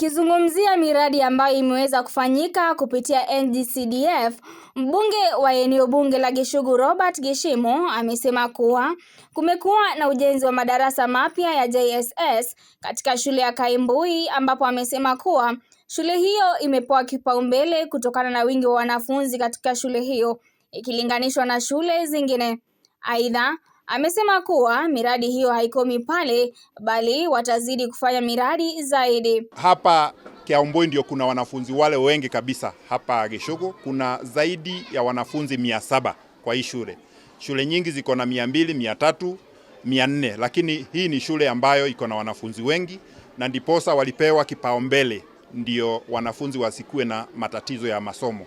Akizungumzia miradi ambayo imeweza kufanyika kupitia NGCDF, mbunge wa eneo bunge la Gichugu Robert Gishimo amesema kuwa kumekuwa na ujenzi wa madarasa mapya ya JSS katika shule ya Kaimbui ambapo amesema kuwa shule hiyo imepewa kipaumbele kutokana na wingi wa wanafunzi katika shule hiyo ikilinganishwa na shule zingine. Aidha, Amesema kuwa miradi hiyo haikomi pale, bali watazidi kufanya miradi zaidi. Hapa Kihambwe ndio kuna wanafunzi wale wengi kabisa. Hapa Gishugu kuna zaidi ya wanafunzi mia saba kwa hii shule. Shule nyingi ziko na mia mbili, mia tatu, mia nne, lakini hii ni shule ambayo iko na wanafunzi wengi na ndiposa walipewa kipaumbele ndio wanafunzi wasikuwe na matatizo ya masomo.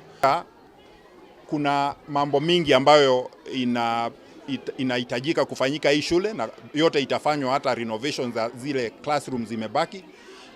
Kuna mambo mingi ambayo ina it, inahitajika kufanyika hii shule na yote itafanywa, hata renovation za zile classroom zimebaki,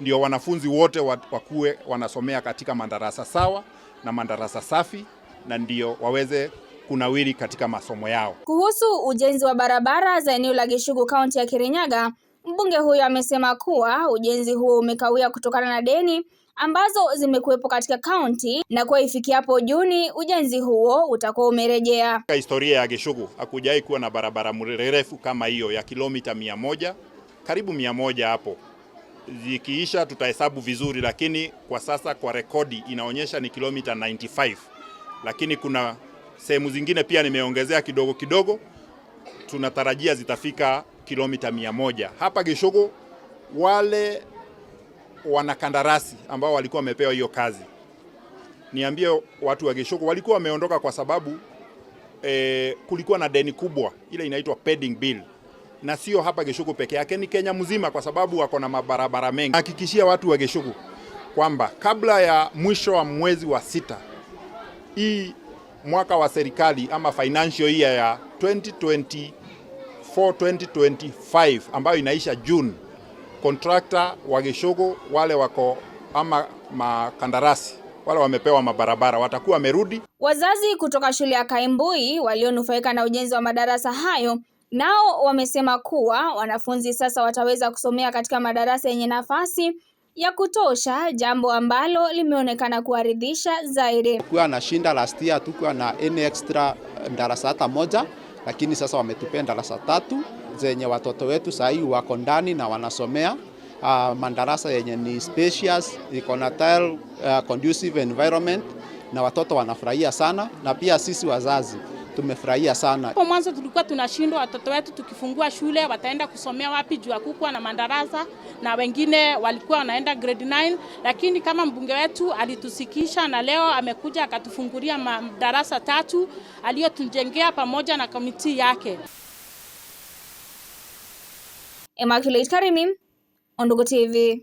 ndio wanafunzi wote wakuwe wanasomea katika madarasa sawa na madarasa safi, na ndio waweze kunawiri katika masomo yao. Kuhusu ujenzi wa barabara za eneo la Gishugu kaunti ya Kirinyaga, mbunge huyo amesema kuwa ujenzi huo umekawia kutokana na deni ambazo zimekuwepo katika kaunti na kwa ifikiapo Juni ujenzi huo utakuwa umerejea. Historia ya Gishugu hakujawahi kuwa na barabara mrefu kama hiyo ya kilomita mia moja karibu mia moja hapo zikiisha tutahesabu vizuri, lakini kwa sasa kwa rekodi inaonyesha ni kilomita 95, lakini kuna sehemu zingine pia nimeongezea kidogo kidogo, tunatarajia zitafika kilomita moja Hapa Gishugu wale wanakandarasi ambao walikuwa wamepewa hiyo kazi. Niambie watu wa Geshoko walikuwa wameondoka kwa sababu eh, kulikuwa na deni kubwa ile inaitwa pending bill, na sio hapa Geshoko peke yake, ni Kenya mzima, kwa sababu wako na mabarabara mengi. Hakikishia watu wa Geshoko kwamba kabla ya mwisho wa mwezi wa sita hii mwaka wa serikali ama financial year ya 2024 2025 ambayo inaisha June kontrakta wa Gishogo wale wako ama makandarasi wale wamepewa mabarabara watakuwa wamerudi. Wazazi kutoka shule ya Kaimbui walionufaika na ujenzi wa madarasa hayo nao wamesema kuwa wanafunzi sasa wataweza kusomea katika madarasa yenye nafasi ya kutosha, jambo ambalo limeonekana kuwaridhisha zaidi. Kuwa na shinda last year tukiwa na any extra eh, darasa hata moja lakini sasa wametupenda darasa tatu zenye watoto wetu saa hii wako ndani na wanasomea uh, ah, madarasa yenye ni spacious, iko na tile, uh, conducive environment na watoto wanafurahia sana, na pia sisi wazazi tumefurahia sana. Hapo mwanzo tulikuwa tunashindwa watoto wetu tukifungua shule wataenda kusomea wapi juu hakukuwa na madarasa na wengine walikuwa wanaenda grade 9, lakini kama mbunge wetu alitusikisha na leo amekuja akatufungulia madarasa tatu aliyotujengea pamoja na komiti yake. Immaculate Karimim, Undugu TV.